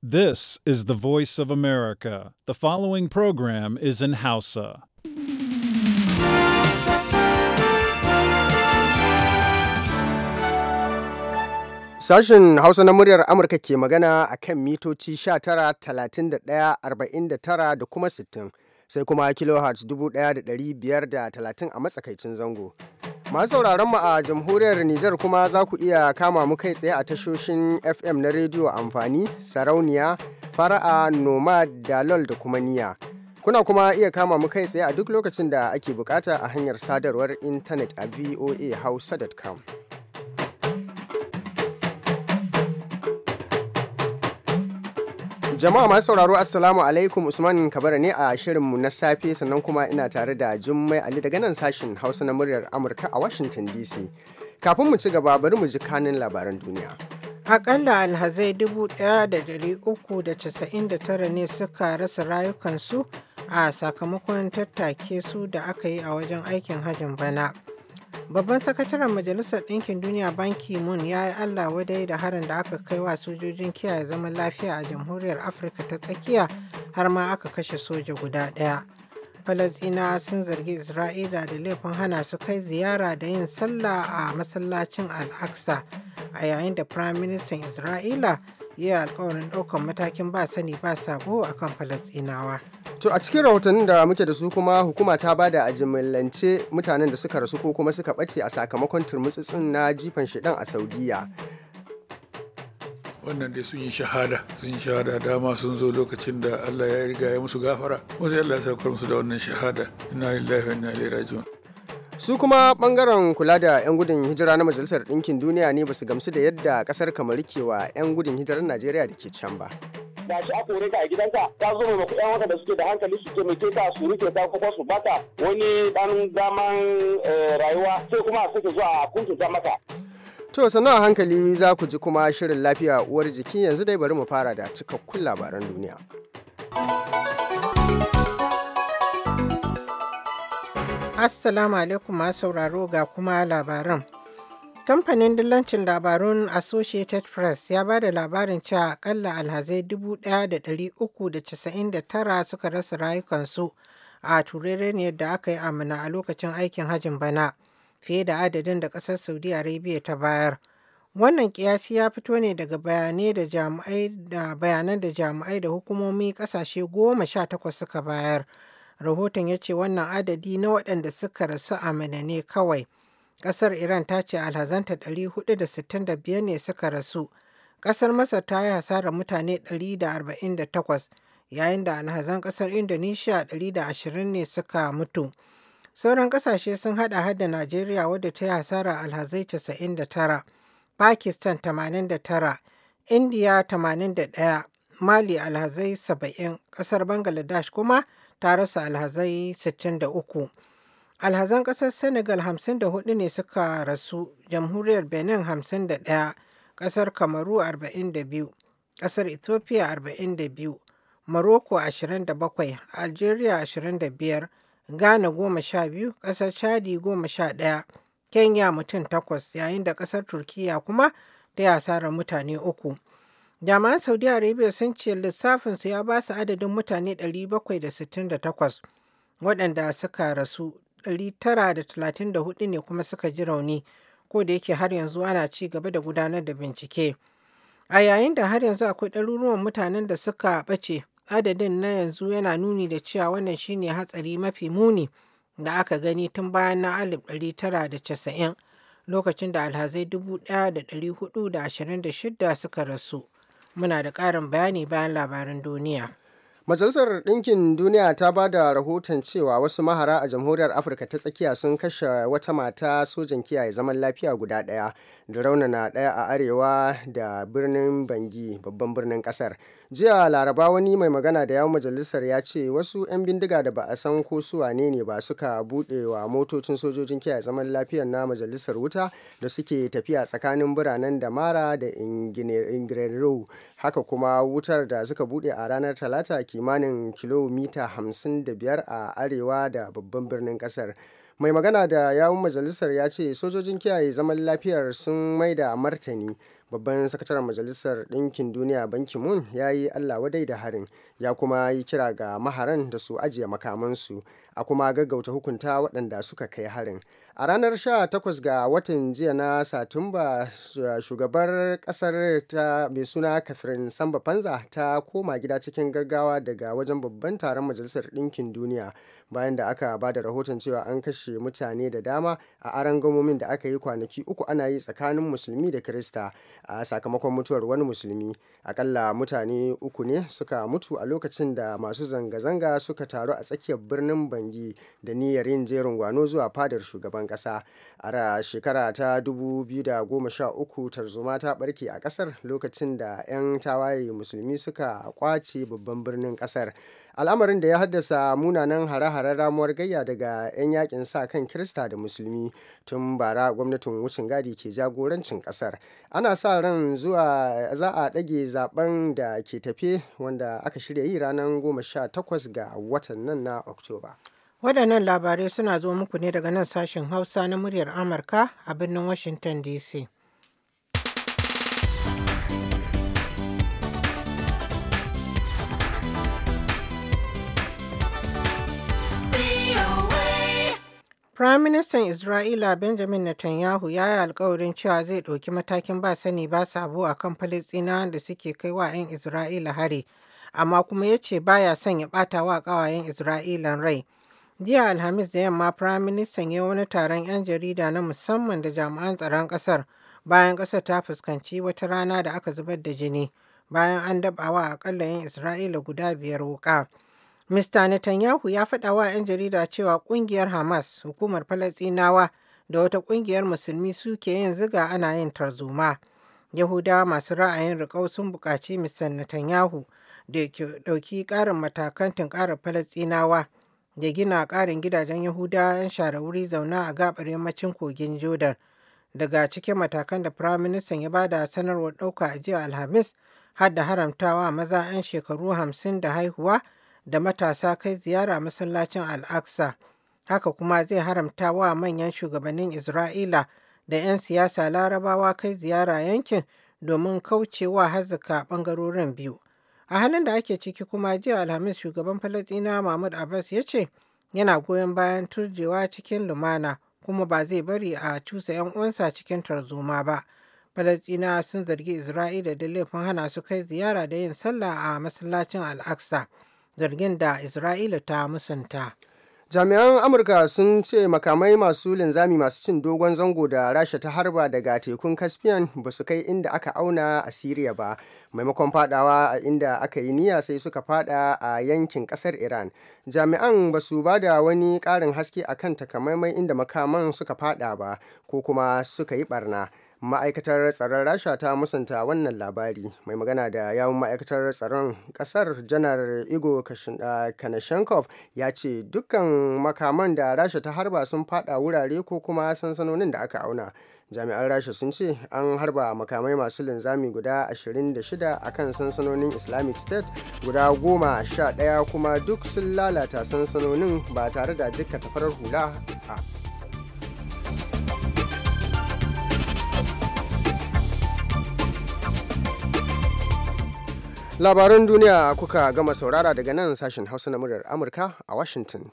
This is the voice of America. The following program is in Hausa. Sashen Hausa na muryar Amurka ke magana a kan mitoci 19, 31, 49 da kuma 60. sai kuma kilohertz talatin a matsakaicin zango. Masu sauraron mu a jamhuriyar Nijar kuma za ku iya kama mu kai tsaye a tashoshin FM na rediyo amfani, sarauniya, fara'a, nomad, dalol da kuma niya. Kuna kuma iya kama mu kai tsaye a duk lokacin da ake bukata a hanyar sadarwar intanet a voahausa.com. Jama'a masu sauraro Assalamu alaikum Usman Kabara ne a shirinmu na safe sannan kuma ina tare da Jummai Ali daga nan sashen Hausa na muryar Amurka a Washington DC. Kafin mu ci gaba bari mu ji kanin labaran duniya. Akalla alhazai 1,399 ne suka rasa rayukansu a sakamakon tattake su da aka yi a wajen aikin hajin bana. Babban sakataren Majalisar Ɗinkin Duniya Ban Ki-moon ya yi Allah wadai da harin da aka kai wa sojojin kiyaye zaman lafiya a Jamhuriyar Afirka ta tsakiya har ma aka kashe soja guda ɗaya. Falasɗinawa sun zargi Isra'ila da laifin hana su kai ziyara da yin sallah a masallacin Al-Aqsa a yayin da Firaministan Isra'ila yi alkawarin ɗaukan matakin ba sani ba sabo a kan falasɗinawa. To a cikin rahotannin da muke da su kuma hukuma ta ba da ajimillance mutanen da suka rasu ko kuma suka ɓace a sakamakon turmutsutsun na jifan shidan a Saudiya. wannan dai sun yi shahada sun yi shahada dama sun zo lokacin da Allah ya riga ya musu gafara wasu Allah ya saukar musu da wannan shahada inna lillahi wa inna ilaihi raji'un su kuma bangaren kula da 'yan gudun hijira na majalisar ɗinkin duniya ne basu gamsu da yadda ƙasar kamar kewa 'yan gudun hijirar najeriya da ke can ba gashi shi a kore ka a gidanka ta zo mai kuɗin wata da suke da hankali su ke mai ta su rike ta kuma su bata wani dan daman eh, rayuwa sai kuma su suke zuwa a kuntuta maka. To sannan a hankali za ku ji kuma shirin lafiya uwar jiki yanzu dai bari mu fara da cikakkun labaran duniya. Assalamu alaikum masu sauraro ga kuma labaran. Kamfanin dillancin labarun Associated Press ya ba da labarin cewa akalla alhazai 1,399 suka rasa rayukansu a turereniyar da aka yi amina a lokacin aikin hajin bana fiye da adadin da ƙasar Saudi Arabia ta bayar. Wannan kiyasi ya fito ne daga bayanan da jami'ai da hukumomi ƙasashe goma sha takwas suka bayar. Rahoton ya ce wannan adadi na waɗanda suka rasu a manane kawai. Ƙasar Iran ta ce alhazanta 465 ne suka rasu. Ƙasar Masar ta yi hasarar mutane 148 yayin da alhazan ƙasar Indonesia 120 ne suka mutu. Sauran ƙasashe sun haɗa hada Najeriya wadda ta yi hasarar alhazai 99, Pakistan 89, India 81, Mali alhazai 70, ƙasar Bangladesh kuma ta rasa alhazai 63. Alhazan ƙasar Senegal 54 ne suka rasu, jamhuriyar Benin 51, ƙasar Kamaru 42, ƙasar Ethiopia 42, Morocco 27, Algeria 25, Ghana 12, ƙasar Chadi 11, Kenya mutum 8 yayin da ƙasar Turkiya kuma ta ya asarar mutane uku. Jami'an Saudi Arabia sun ce lissafinsu ya ba su adadin mutane 768 waɗanda suka rasu 934 ne kuma suka ji rauni ko da yake har yanzu ana ci gaba da gudanar da bincike. A yayin da har yanzu akwai ɗaruruwan mutanen da suka ɓace adadin na yanzu yana nuni da cewa wannan shine hatsari mafi muni da aka gani tun bayan na 1990 lokacin da alhazai 1426 suka rasu. Muna da ƙarin bayani bayan labarin duniya. Majalisar Ɗinkin Duniya ta ba da rahoton cewa wasu mahara a Jamhuriyar Afirka ta tsakiya sun kashe wata mata sojan kiyaye zaman lafiya guda ɗaya da raunana ɗaya a arewa da birnin Bangi babban birnin ƙasar. jiya laraba wani mai magana da yawon majalisar ya ce wasu 'yan bindiga da ba a san ko su wane ne ba suka buɗe wa motocin sojojin kiyaye zaman lafiyar na majalisar wuta da suke tafiya tsakanin biranen da mara da ingirero haka kuma wutar da suka buɗe a ranar talata kimanin kilomita 55 a arewa da babban birnin ƙasar mai magana da yawun majalisar ya ce sojojin kiyaye zaman lafiyar sun mai da martani babban sakataren majalisar ɗinkin duniya banki moon ya yi allah wadai da harin ya kuma yi kira ga maharan da su ajiye makamansu a kuma gaggauta hukunta waɗanda suka kai harin a ranar 18 ga watan jiya na satumba shugabar ƙasar ta mai suna kafirin samba panza ta koma gida cikin gaggawa daga wajen babban taron majalisar ɗinkin duniya bayan da aka ba da rahoton cewa an kashe mutane da dama a arangamomin da aka yi kwanaki uku ana yi tsakanin musulmi da kirista a sakamakon mutuwar wani musulmi akalla mutane uku ne suka mutu a lokacin da masu zanga-zanga suka taru a tsakiyar birnin bangi da niyyar yin jerin gwano zuwa fadar shugaban kasa a shekara ta 2013 tarzoma ta barke a kasar lokacin da 'yan tawaye musulmi suka kwace babban birnin kasar al'amarin da ya haddasa munanan hare-haren ramuwar gayya daga 'yan yakin sa kan kirista da musulmi tun bara gwamnatin wucin gadi ke jagorancin kasar ana sa ran zuwa za a ɗage zaben da ke tafe wanda aka shirya yi ranar 18 ga watan nan na oktoba waɗannan labarai suna zo muku ne daga nan sashen hausa na muryar amurka a birnin washington dc Firaministan Isra'ila Benjamin Netanyahu ya yi alkawarin cewa zai ɗauki matakin ba sani ba sabo a kan Falasɗinawan da suke kai wa 'yan Isra'ila hari, amma kuma ya ce ba ya son ya ɓata wa ƙawayen Isra'ilan rai. Jiya Alhamis da yamma Firaministan ya wani taron 'yan jarida na musamman da jami'an tsaron ƙasar bayan ƙasar ta fuskanci wata rana da aka zubar da jini bayan an daɓawa aƙalla 'yan Isra'ila guda biyar wuƙa. Mr. Netanyahu ya faɗa wa 'yan jarida cewa ƙungiyar Hamas, hukumar Falasɗinawa da wata ƙungiyar musulmi suke yin ziga ana yin tarzoma. Yahudawa masu ra'ayin riƙau sun buƙaci Mr. Netanyahu da ɗauki ƙarin matakan tunƙarar Falasinawa, da gina ƙarin gidajen Yahudawa 'yan share wuri zauna a gaɓar yammacin kogin Jordan. Daga cikin matakan da Firaministan ya bada sanarwar ɗauka a jiya Alhamis, har da haramtawa maza 'yan shekaru hamsin da haihuwa da matasa kai ziyara masallacin al Haka kuma zai haramta wa manyan shugabannin Isra'ila da 'yan siyasa larabawa kai ziyara yankin domin kaucewa hazzaka ɓangarorin biyu. A halin da ake ciki kuma jiya Alhamis shugaban Falasina Mahmud Abbas ya ce yana goyon bayan turjewa cikin lumana kuma ba zai bari a cusa 'yan uwansa cikin tarzoma ba. Falasina sun zargi Isra'ila da laifin hana su kai ziyara da yin sallah a masallacin al zargin da isra'ila ta musanta jami'an amurka sun ce makamai masu linzami masu cin dogon zango da rasha ta harba daga tekun caspian ba su kai inda aka auna a syria ba maimakon fadawa a inda aka yi niyya sai suka fada a yankin kasar iran jami'an ba su ba da wani karin haske a kan takamaimai inda makaman suka fada ba ko kuma suka yi barna ma'aikatar tsaron rasha ta musanta wannan labari mai magana da yawun ma'aikatar tsaron kasar janar igo kanashenkov ah, ya ce dukkan makaman da rasha ta harba sun fada wurare ko kuma sansanonin da aka auna jami'an rasha sun ce an harba makamai masu linzami guda 26 a kan sansanonin islamic state guda 11 kuma duk sun lalata sansanonin ba tare da jikkata farar hula a labaran duniya kuka gama saurara daga nan sashen hausa na muryar amurka a washington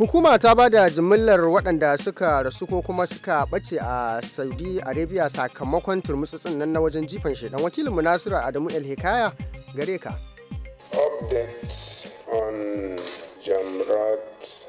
hukuma ta ba da jimillar waɗanda suka rasu ko kuma suka ɓace a saudi arabia sakamakon turmutsutsun nan na wajen jifan shaidan wakilinmu nasiru adamu el hikaya gare ka update on jamrat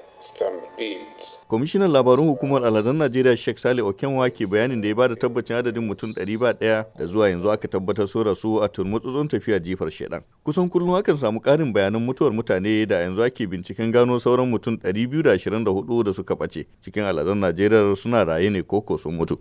Kwamishinan labarun hukumar aladun Najeriya Sheikh Sale Okenwa ke bayanin da ya bada tabbacin adadin mutum ɗaya da zuwa yanzu aka tabbatar so rasu a turmutsutsun tafiya jifar shedan. Kusan kullum akan samu ƙarin bayanan mutuwar mutane da a yanzu ake binciken gano sauran mutum ɗari 224 da suka ɓace cikin al'adun Najeriya suna raye ne koko sun mutu.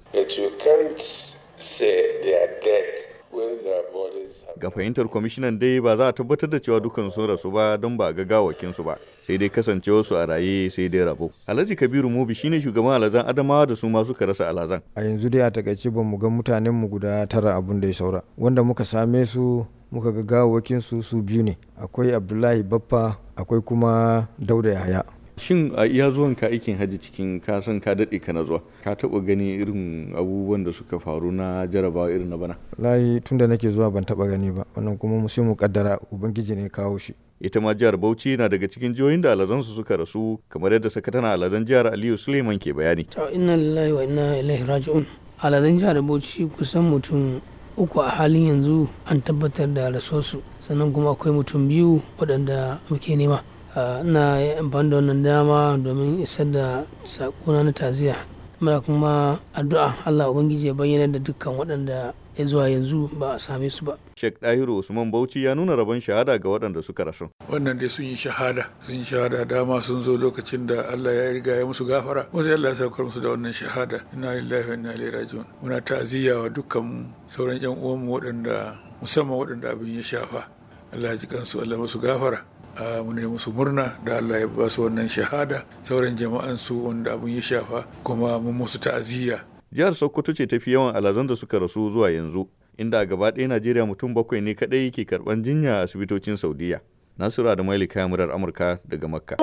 Ga fahimtar kwamishinan dai ba za a tabbatar da cewa dukkan sun rasu ba don ba ga gawakin su ba. Sai dai kasance wasu a raye sai dai rabo. Alhaji Kabiru Mubi shine shugaban alazan Adamawa da su ma suka rasa alazan. A yanzu dai a takaice ba mu ga mutanen mu guda tara abun da ya saura. Wanda muka same su muka ga gawakin su su biyu ne. Akwai Abdullahi Baffa akwai kuma Dauda 'ya'ya. shin a iya zuwan ka aikin hajji cikin ka san ka daɗe kana zuwa ka taɓa gani irin abubuwan da suka faru na jarabawa irin na bana layi da nake zuwa ban taɓa gani ba wannan kuma mu sai mu kaddara ubangiji ne kawo shi ita ma jihar Bauchi na daga cikin jihohin da alazansu suka rasu kamar yadda sakatana alazan jihar Aliyu Suleiman ke bayani ta inna lillahi wa inna ilaihi raji'un alazan jihar Bauchi kusan mutum uku a halin yanzu an tabbatar da rasuwarsu sannan kuma akwai mutum biyu waɗanda muke nema Ah, ina amfani da dama domin isar da sakona na taziya muna kuma addu'a Allah ubangiji ya bayyana da dukkan waɗanda ya zuwa yanzu ba a same su ba. Sheikh Dahiru Usman Bauchi ya nuna rabon shahada ga waɗanda suka rasu. Wannan dai sun yi shahada, sun yi shahada dama sun zo lokacin da Allah ya riga ya musu gafara, wasu Allah ya saukar musu da wannan shahada. Ina lillahi wa inna ilaihi raji'un. Muna ta'aziyya wa dukkan sauran 'yan uwanmu waɗanda musamman waɗanda abin ya shafa. Allah ya ji kansu, Allah musu gafara. mu ne musu murna da Allah ya ba su wannan shahada sauran jama'an su wanda abun ya shafa kuma mun musu ta'aziyya jihar Sokoto ce tafi yawan alazan da suka rasu zuwa yanzu inda gaba ɗaya Najeriya mutum bakwai ne kaɗai ke karɓan jinya a asibitocin Saudiya Nasura da kai murar Amurka daga Makka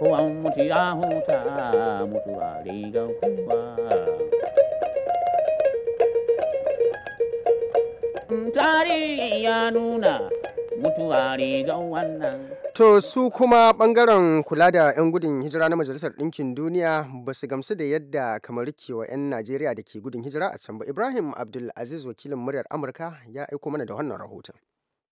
ko an tsari ya nuna mutuwa rigan wannan. To su kuma bangaren kula da 'yan gudun hijira na Majalisar Ɗinkin Duniya ba su gamsu da yadda kamar kewa 'yan Najeriya da ke gudun hijira a can ba. Ibrahim Abdulaziz wakilin muryar Amurka ya aiko mana da wannan rahoton.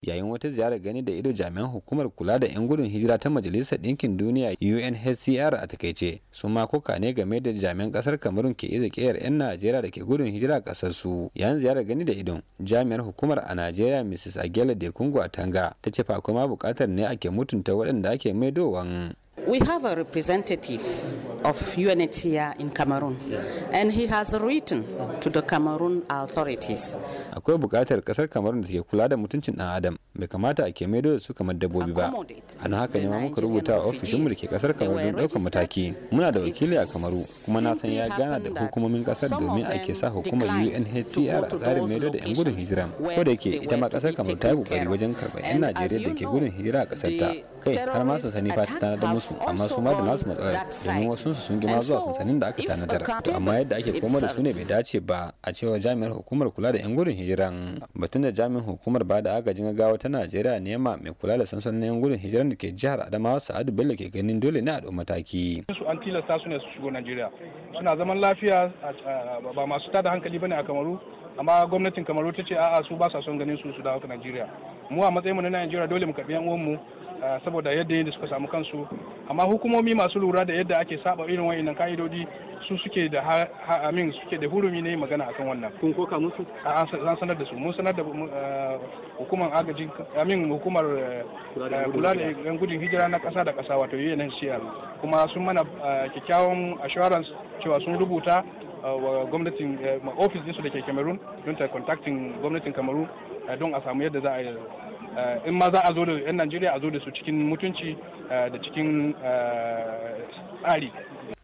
yayin wata ziyarar gani da ido jami'an hukumar kula da 'yan gudun hijira ta majalisar ɗinkin duniya unhcr a takaice sun ma koka ne game da jami'an ƙasar kamarun ke iza ƙeyar 'yan najeriya da ke gudun hijira a ƙasar su yayin ziyarar gani da idon jami'ar hukumar a najeriya mrs agela de kungu tanga ta ce fa kuma buƙatar ne ake mutunta waɗanda ake maidowan We have a representative of UNHCR in Cameroon and he has written to the Cameroon authorities. Akwai bukatar kasar Cameroon da ke kula da mutuncin dan Adam bai kamata a ke da su kamar dabbobi ba. An haka ne ma muka rubuta a ofishinmu da ke kasar Cameroon don mataki. Muna da wakili a Kamaru kuma na san ya gana da hukumomin kasar domin a ke sa hukumar UNHCR a tsarin maido da 'yan gudun hijira. Ko da yake ita ma kasar Kamaru ta yi kokari wajen karɓar 'yan Najeriya da ke gudun hijira a kasar ta. kai har ma sansani fa ta da musu amma su ma da nasu matsalar domin wasu su sun gima zuwa sansanin da aka tanadar to amma yadda ake komar da su ne bai dace ba a cewa jami'ar hukumar kula da yan gudun hijiran batun da jami'in hukumar ba da agajin gaggawa ta najeriya nema mai kula da sansanin yan gudun hijiran da ke jihar adamawa sa'adu bello ke ganin dole ne a ɗau mataki. su an tilasta su ne su shigo najeriya suna zaman lafiya ba masu tada hankali bane a kamaru amma gwamnatin kamaru ta ce a'a su ba sa son ganin su su dawo najeriya mu a matsayin mu na najeriya dole mu karbi yan uwanmu Ah, saboda yadda yadda suka samu kansu amma hukumomi masu lura da yadda ake saba irin wa'annan ka'idodi su suke da amin suke da hurumi ne magana akan wannan kun koka musu ah, a an sanar da su mun sanar da ah, hukumar agaji amin hukumar kula da eh, yan gudun hijira na kasa da kasa wato UNHCR kuma sun mana kyakkyawan assurance cewa sun rubuta wa gwamnatin eh, ofis su da ke Cameroon don ta contacting gwamnatin Cameroon eh, don a samu yadda za a Eh, in ma za a zo da 'yan najeriya a zo da su cikin mutunci eh, da cikin eh, tsari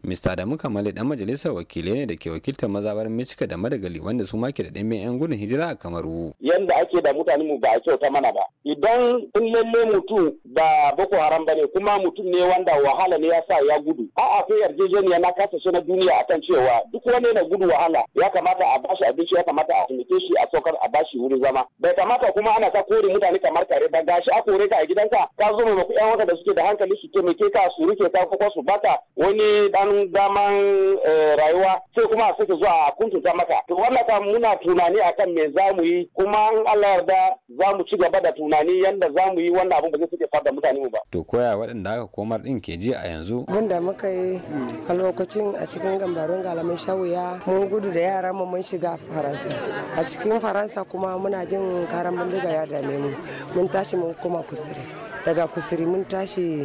Mista Adamu Kamale dan majalisar wakilai ne da ke wakiltar mazabar Michigan da Madagali wanda su ma ke da ɗimbin 'yan gudun hijira a kamar Kamaru. Yanda ake da mutane mu ba a kyauta mana ba. Idan in lalle mutum ba Boko Haram ba kuma mutum ne wanda wahala ne ya sa ya gudu. a akwai yarjejeniya na kasashe na duniya akan cewa duk wani na gudu wahala ya kamata a bashi abinci ya kamata a taimake shi a saukar a bashi wurin zama. Bai kamata kuma ana ta kore mutane kamar kare ba gashi a kore ka a gidanka ka zo mai yan wata da suke da hankali su taimake ka su rike ka ko su baka wani dan daman eh, rayuwa sai kuma a ke zuwa a kuntuta maka to wannan kan muna tunani akan me za mu yi kuma in Allah yarda za mu ci gaba da tunani yanda za mu yi wannan abin ba zai suke fada mutane mu ba to koya waɗanda aka komar din ke ji a yanzu mun da muka yi a lokacin a cikin gambarun galamin shawuya mun gudu da yara mu mun shiga faransa a cikin faransa kuma muna jin karan bindiga ya dame mu mun tashi mun koma kusuri daga kusuri mun tashi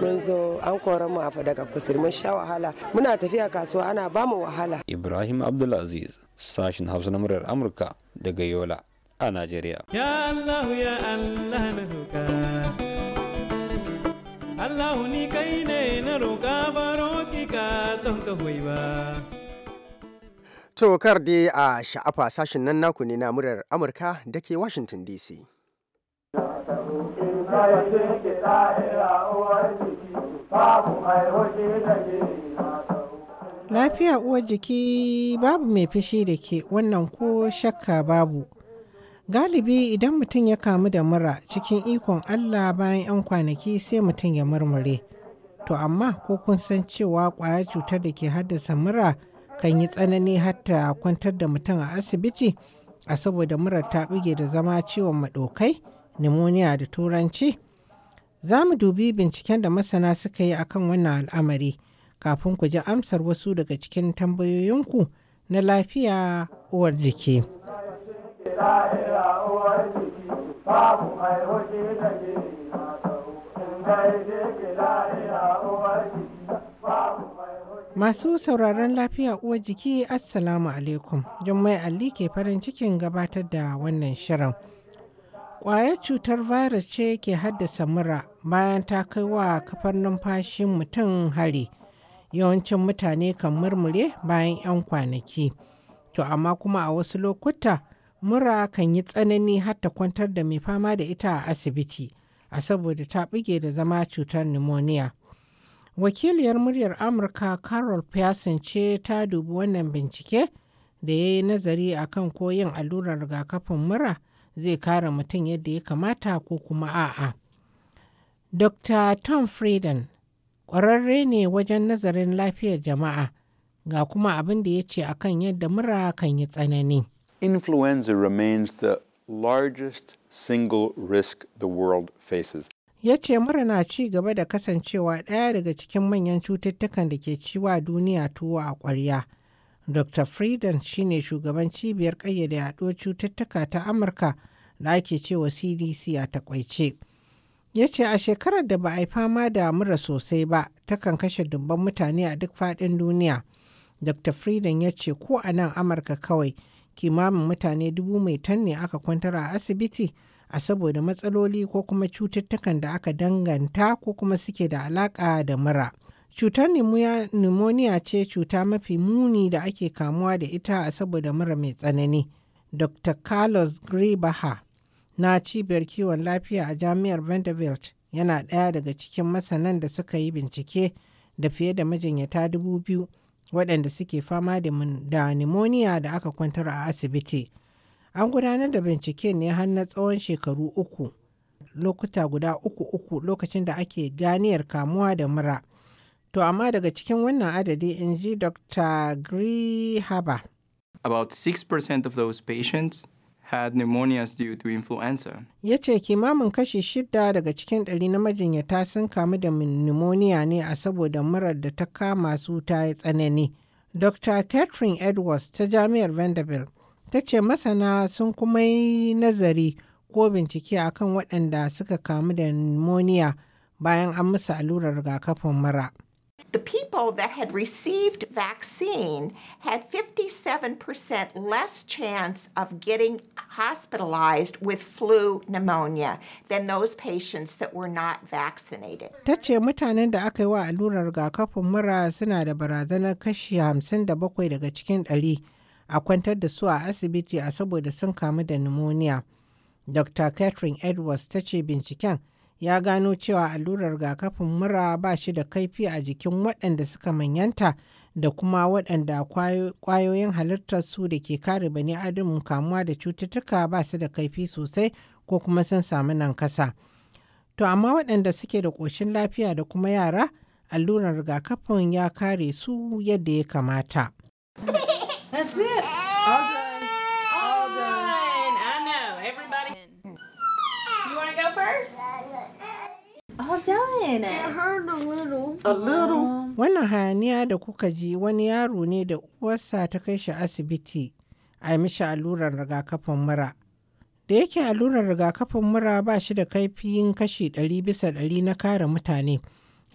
mun zo an kora mu a daga kusuri mun sha wahala muna tafiya kasuwa ana ba mu wahala ibrahim abdulaziz sashin hausa na muryar amurka daga yola a najeriya ya allah ya allah na roka allah ni kai ne na roka baro ki ka don ka ba to kar dai a sha'afa sashin nan naku ne na muryar amurka da ke washington dc Lafiya uwar jiki babu mai fishi da ke wannan ko shakka babu. Galibi idan mutum ya kamu da mura cikin ikon Allah bayan 'yan kwanaki sai mutum ya murmure. To amma ko kun san cewa kwayar cutar da ke haddasa mura kan yi tsanani hatta kwantar da mutum a asibiti a saboda murar ta buge da zama ciwon maɗokai, nimoniya da turanci. Za mu dubi binciken da masana suka yi akan wannan al'amari kafin ku ji amsar wasu daga cikin tambayoyinku na lafiya uwar jiki. Masu sauraron lafiya uwar jiki Assalamu alaikum. Jummai Ali ke farin cikin gabatar da wannan shirin. Ƙwayar cutar virus ce ke haddasa mura bayan ta kai wa kafar numfashin mutum hari yawancin mutane kan murmure bayan 'yan kwanaki to amma kuma a wasu lokuta mura kan yi tsanani har kwantar da mai fama da ita a asibiti a saboda ta bige da zama cutar pneumonia wakiliyar muryar amurka carol pearson ce ta dubi wannan bincike da ya yi nazari a kan yin allurar rigakafin mura zai kare mutum yadda ya kamata ko kuma a'a. Dr. Tom Frieden ƙwararre ne wajen nazarin lafiyar jama'a ga kuma abin da ya ce akan yadda mura kan yi tsanani. Influenza remains the largest single risk the world faces. Ya ce mura na ci gaba da kasancewa ɗaya daga cikin manyan cututtukan da ke ciwa duniya tuwo a ƙwarya. Dr. Frieden shine shugaban cibiyar ƙayyade yaɗuwar cututtuka ta Amurka da ake cewa CDC a taƙaice. ya ce a shekarar da ba a yi fama da mura sosai ba takan kashe dubban mutane a duk faɗin duniya dr frieden ya ce ko a nan amurka kawai kimamin mutane dubu mai ne aka kwantar a asibiti a saboda matsaloli ko kuma cututtukan da aka danganta ko kuma suke da alaƙa da mura cutar pneumonia ce cuta mafi muni da ake kamuwa da ita a saboda mura mai tsanani dr carlos gribaha na cibiyar kiwon lafiya a jami'ar vanderbilt yana ɗaya daga cikin masanan da suka yi bincike da fiye da majinyata dubu biyu waɗanda suke fama da nimoniya da aka kwantar a asibiti an gudanar da bincike ne har na tsawon shekaru uku lokuta guda uku uku lokacin da ake ganiyar kamuwa da mura to amma daga cikin wannan adadi in ji dr gree haba about 6% of those patients had pneumonias due to influenza. Ya ce kimamin kashi shida daga cikin ɗari na majinyata sun kamu da pneumonia ne a saboda murar da ta kama su ta yi tsanani. Dr. Catherine Edwards ta Jami'ar Vanderbilt ta ce masana sun kuma yi nazari ko bincike akan waɗanda suka kamu da pneumonia bayan an musu allurar rigakafin mura. the people that had received vaccine had 57% less chance of getting hospitalized with flu pneumonia than those patients that were not vaccinated. Ta ce mutanen da aka yi wa allurar rigakafin mura suna da barazanar kashi 57 daga cikin 100 a kwantar da su a asibiti a saboda sun kamu da pneumonia. Dr. Catherine Edwards ta ce binciken ya gano cewa allurar rigakafin mura ba shi da kaifi a jikin waɗanda suka manyanta da kuma waɗanda ƙwayoyin halittarsu da ke kare bani adam kamuwa da cututtuka ba su da kaifi sosai ko kuma sun samu nan kasa. To amma waɗanda suke da ƙoshin lafiya da kuma yara allurar rigakafin ya kare su yadda ya kamata. Oh, um, Wannan hayaniya da kuka ji wani yaro ne da uwarsa ta kai shi asibiti a yi mishi allurar rigakafin mura. Da yake allurar rigakafin mura ba shi da kaifin kashi ɗari bisa ɗari na kare mutane.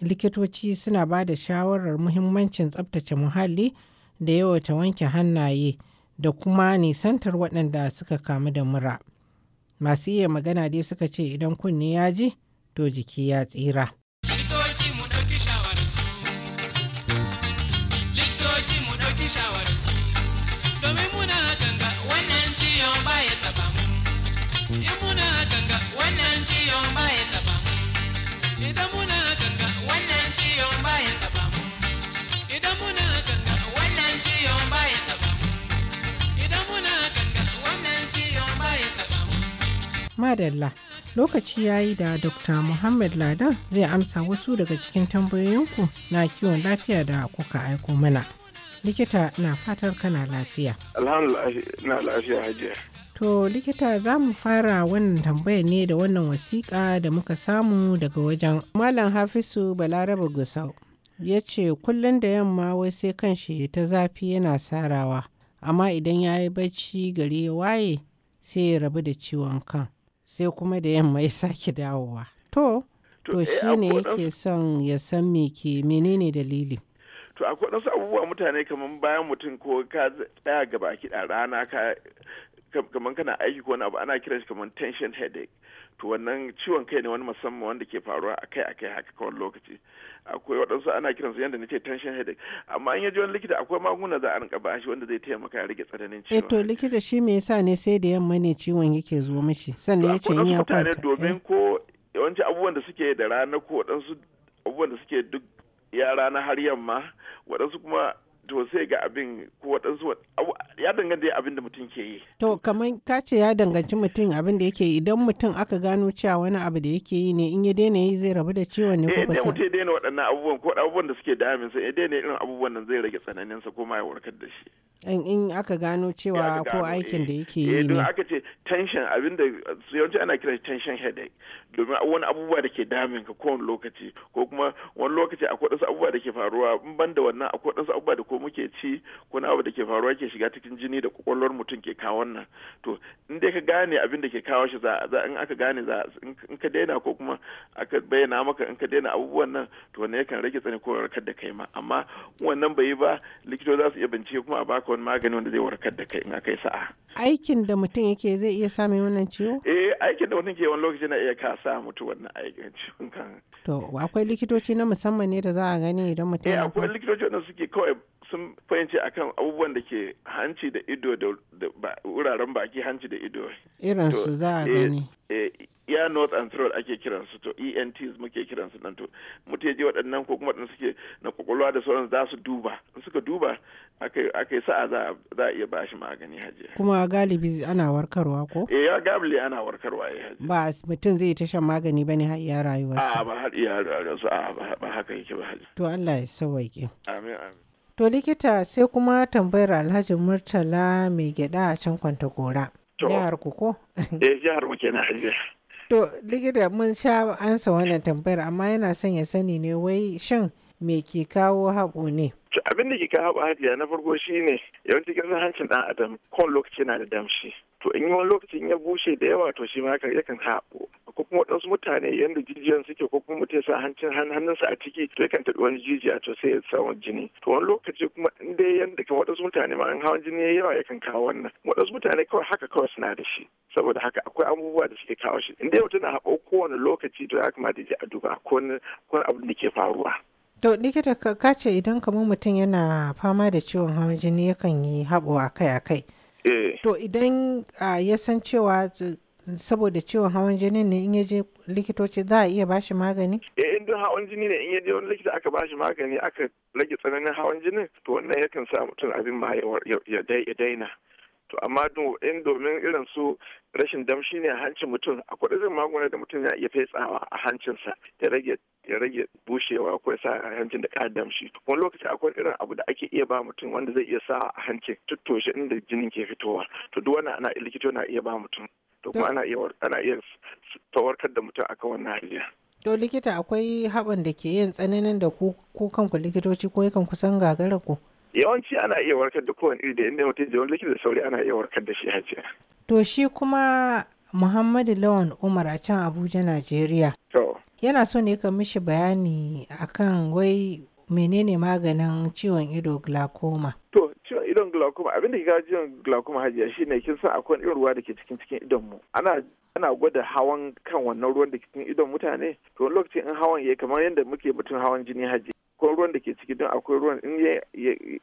Likitoci suna ba da shawarar muhimmancin tsabtace muhalli da yawata wanke hannaye da kuma nisantar waɗanda suka kamu da mura. Masu iya magana dai suka ce idan kunne ya ji, to jiki ya tsira. madalla lokaci ya yi da dr muhammad ladan zai amsa wasu daga cikin tambayoyinku na kiwon lafiya da kuka aiko mana likita na fatar kana lafiya alhamdulillah na lafiya hajiya to likita za mu fara wannan tambayar ne da wannan wasiƙa da muka samu daga wajen malam hafisu balaraba gusau ya ce kullum da yamma wai sai kan shi ta zafi yana sarawa amma idan ya yi bacci gari ya waye sai ya rabu da ciwon kan sai kuma da yamma ya sake dawowa to to eh, shi ne yake son ya san me ke menene dalili to akwai wasu abubuwa mutane kamar bayan mutum ko ka tsaya gaba kiɗa rana ka kamar kana aiki ko wani abu ana kiran shi kamar tension headache to wannan ciwon kai ne wani musamman wanda ke faruwa akai akai haka kawai lokaci akwai waɗansu ana kiransu yadda nace tension headache amma in yaji wani likita akwai magunguna za a rinka bashi wanda zai taimaka rage tsananin ciwon eh to likita shi me yasa ne sai da yamma ne ciwon yake zuwa mashi sannan yace in ya kwanta domin eh. ko yawanci abubuwan da suke da rana ko waɗansu abubuwan da suke duk ya rana har yamma waɗansu kuma to sai ga abin ko waɗansu ya danganta abin da mutum ke yi. To kamar ka ce ya danganci mutum abin da yake idan mutum aka gano cewa wani abu da yake yi ne in ya daina yi zai rabu da ciwon ne ko eh, ba. Eh mutum ya daina waɗannan abubuwan ko abubuwan da suke damin sa ya daina irin abubuwan nan zai rage tsananin sa ko ma ya warkar da shi. in aka gano cewa ko aikin da eh. yake eh, yi ne aka ce tension abin da yawanci ana kira tension headache domin wani abubuwa da ke damin ka kowane lokaci ko kuma wani lokaci akwai wasu abubuwa da ke faruwa in ban da wannan akwai wasu abubuwa da ko muke ci ko na abu da ke faruwa ke shiga cikin jini da kwakwalwar mutum ke kawo wannan to in dai ka gane abin da ke kawo shi za in aka gane za in ka daina ko kuma aka bayyana maka in ka daina abubuwan nan to wannan yakan rage tsanin ko da kai ma amma wannan bai yi ba likito za su iya bincike kuma a baka akwai wani magani wanda zai warkar da kai in aka yi sa'a. Aikin da mutum yake zai iya samun wannan ciwo? Eh aikin da mutum ke wani lokaci na iya ka sa mutu wannan aikin ciwon kan. To akwai likitoci na musamman ne da za a gani idan mutum. Eh akwai likitoci wanda suke kawai sun fahimci akan abubuwan da ke hanci da ido da wuraren baki hanci da ido. Irin su za a eh, gani. ya eh, north and south ake kiransu to ents muke kiransu nan to mutum je waɗannan ko kuma suke na kwakwalwa da sauran za su duba in suka duba aka yi sa'a za a iya bashi magani hajji. kuma galibi ana warkarwa ko eh ya galibi ana warkarwa eh, ya ba mutum zai ta shan magani bane har iya rayuwarsa a ba har iya rayuwarsa a ba haka yake ba hajji to Allah ya sauwaƙe amin amin To likita sai kuma tambayar Alhaji Murtala mai gyada a can kwanta gora. Jihar ku ko? Eh jihar mu kenan To likita mun sha ansa wannan tambayar amma yana son ya sani ne wai shin me ke kawo haɓo ne? Abin da ke kawo haɓo na farko shine yawanci ganin hancin ɗan adam kowane lokaci na da damshi. to in wani lokacin ya bushe da yawa to shi ma yakan haɓo ko kuma waɗansu mutane yadda jijiyan suke ko kuma mutum sa hancin hannunsa a ciki to yakan taɓi wani jijiya to sai ya samu jini to wani lokaci kuma in dai yadda ka waɗansu mutane ma in hawan jini ya yawa yakan kawo wannan waɗansu mutane kawai haka kawai suna da shi saboda haka akwai abubuwa da suke kawo shi in dai mutum na haɓo kowane lokaci to ya kamata ya a duba ko wani abu da ke faruwa. To likita ka ce idan kamar mutum yana fama da ciwon hawan jini yakan yi haɓo akai-akai. Eh. to idan ya san cewa saboda ciwon eh, hawan jini ne in yaje likitoci za a iya bashi magani? Eh in hawan jini ne in je wani likita aka bashi magani aka rage tsananin hawan jinin to wannan yakan sa mutum abin ba ya daina. to amma in domin irin su rashin damshi ne a hancin mutum akwai zai magunguna da mutum ya iya fetsawa a hancinsa ya rage ya rage bushewa ko ya sa a hancin da kada damshi wani lokaci akwai irin abu da ake iya ba mutum wanda zai iya sa a hancin tuttoshe inda jinin ke fitowa to duk wani ana likito na iya ba mutum to kuma ana iya ana iya tawarkar da mutum akan wannan hanya to likita akwai haɓan da ke yin tsananin da ku kanku likitoci ko yakan kusan gagara ku yawanci ana iya warkar da kowane iri da inda mutum je wani likita sauri ana iya warkar da shi hajji. To shi kuma Muhammadu Lawan Umar a can Abuja, Najeriya. Yana so ne ka mishi bayani akan wai menene maganin ciwon ido glaucoma. To ciwon idon glaucoma abin da ke ciwon glaucoma hajji shi shine kin san akwai irin ruwa da ke cikin cikin idon mu. Ana ana gwada hawan kan wannan ruwan da ke cikin idon mutane to lokacin in hawan yayi kamar yadda muke mutum hawan jini hajji. ko ruwan da ke ciki don akwai ruwan in ya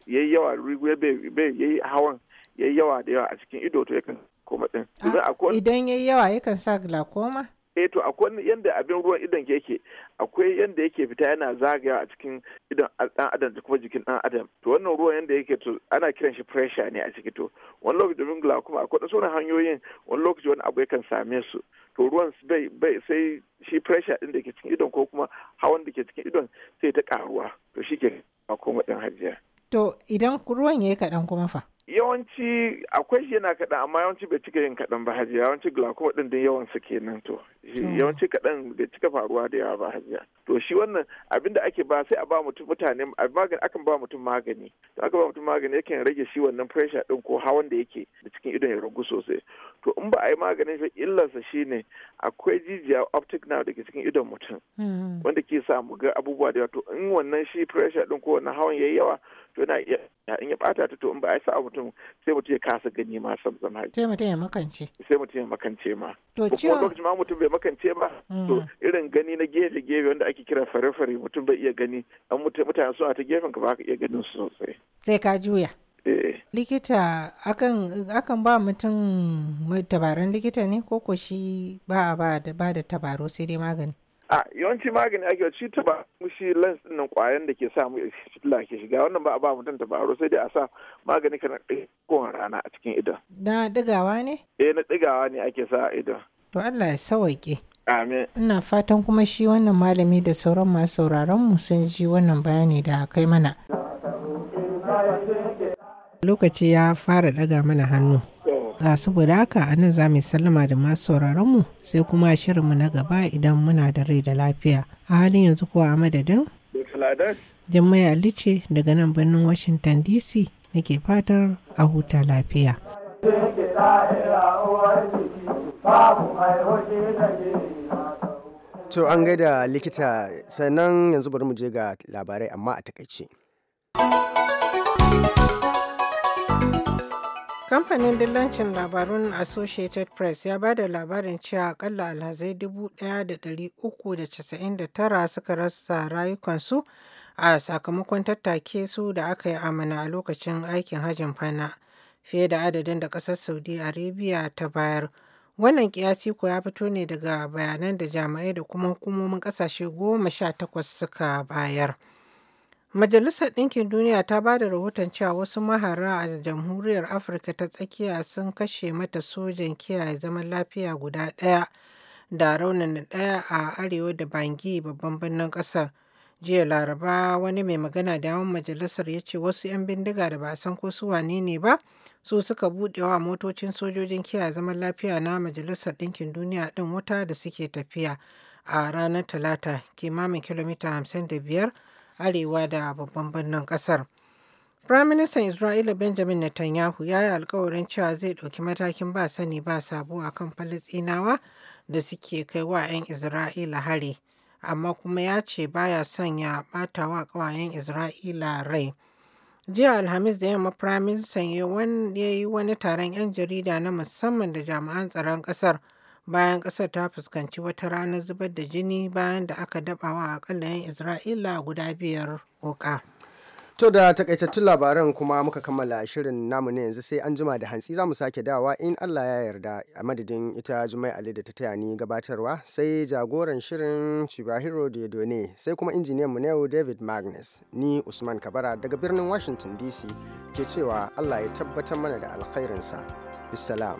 yi yawa rigu ya yi hawan ya yi yawa da yawa a cikin ido to yakan koma din. Ah, idan ya yi yawa yakan sa glaucoma? eh to akwai yanda abin ruwan idan yake akwai yanda yake fita yana zagaya a cikin idan dan adam da kuma jikin dan adam to wannan ruwan yanda yake to ana kiran shi pressure ne a ciki to wani lokaci domin glaucoma akwai da sauran hanyoyin wani lokaci wani abu yakan same su to ruwan bai bai sai shi pressure din da ke cikin idon ko kuma hawan da ke cikin idon sai ta karuwa to shi ke akwai wadan hajiya to idan ruwan yayi kaɗan kuma fa yawanci akwai shi yana kaɗan amma yawanci bai cika yin kaɗan ba hajiya yawanci glaucoma din din yawan su kenan to yawanci kaɗan bai cika faruwa da yawa ba hajiya to shi wannan abin da ake ba sai a ba mutum mutane magani akan ba mutum magani to aka ba mutum magani yakan rage shi wannan pressure din ko hawan da yake da cikin idon ya ragu sosai to in ba a yi maganin shi illarsa shine akwai jijiya optic na da ke cikin idon mutum hmm. wanda ke sa mu ga abubuwa da to in wannan shi pressure din ko wannan hawan yayi yawa to yana iya in ya bata ta to in ba a sa mutum sai mutum ya kasa gani ma sam sam sai mutum ya makance sai mutum ya makance ma to ciwon lokacin ma mutum bai makance ba to mm. irin gani na gefe gefe wanda ake kira fare fare mutum bai iya gani an mutane suna ta gefen ka ba ka iya ganin su sosai sai ka juya eh. likita akan akan ba mutum tabaran likita ne ko ko shi ba a ba da ba da tabaro sai dai magani a yawanci magani ake shi ba shi lens din nan kwayan da ke sa mu fitila ke shiga wannan ba a ba mutum tabaro sai dai a sa magani kana kowane rana a cikin idan na digawa ne eh na digawa ne ake sa idan To Allah ya sawaƙe. Amin. Ina fatan kuma shi wannan malami da sauran masu sauraron mu sun ji wannan bayani da kai mana. Lokaci ya fara ɗaga mana hannu. A saboda haka a nan za mu sallama da masu sauraron mu sai kuma shirinmu na gaba idan muna da rai da lafiya. A halin yanzu kuwa a madadin? Jummai Ali daga nan birnin Washington DC nake fatar a huta lafiya. To an gaida likita sannan yanzu bari mu je ga labarai amma a takaice. Kamfanin dillancin labarun Associated Press ya ba da labarin cewa akalla alhazai 1,399 suka rasa rayukansu a sakamakon tattake su da aka yi amana a lokacin aikin hajjin fana fiye da adadin da ƙasar Saudi Arabia ta bayar. Wannan kiyasi kuwa ya fito ne daga bayanan da jami'ai da kuma hukumomin ƙasashe goma sha takwas suka bayar. Majalisar Ɗinkin Duniya ta ba da rahoton cewa wasu mahara a Jamhuriyar Afirka ta tsakiya sun kashe mata sojan kiyaye zaman lafiya guda ɗaya da raunin ɗaya a arewa da Bangi babban birnin ƙasar. Jiya Laraba wani mai magana da yawan majalisar ya ce wasu 'yan bindiga da ba a san ko su wane ne ba su suka buɗe wa motocin sojojin kiyaye zaman lafiya na majalisar ɗinkin duniya ɗin wuta da suke tafiya a ranar Talata kimamin kilomita 55 arewa da babban birnin ƙasar. Firaministan Isra'ila Benjamin Netanyahu ya yi alkawarin cewa zai ɗauki matakin ba sani ba sabo a kan falastinawa da suke kai wa 'yan Isra'ila hari. amma kuma ya ce baya ya son ya ɓata wa ƙawayen Isra'ila rai. Jiya Alhamis da yamma Firaministan ya yi wani taron 'yan jarida na musamman da jami'an tsaron ƙasar bayan ƙasar ta fuskanci wata ranar zubar da jini bayan da aka daɓawa aƙalla 'yan Isra'ila guda biyar wuƙa. To da takaitattun labaran kuma muka kammala shirin namu ne yanzu sai an jima da hantsi za mu sake dawa in Allah ya yarda a madadin ita Jumai Ali da ta taya ni gabatarwa sai jagoran shirin Chibahiro ne sai kuma injiniyan mu Neo David Magnus ni Usman Kabara daga birnin Washington DC ke cewa Allah ya tabbatar mana da alkhairinsa. Bisalam.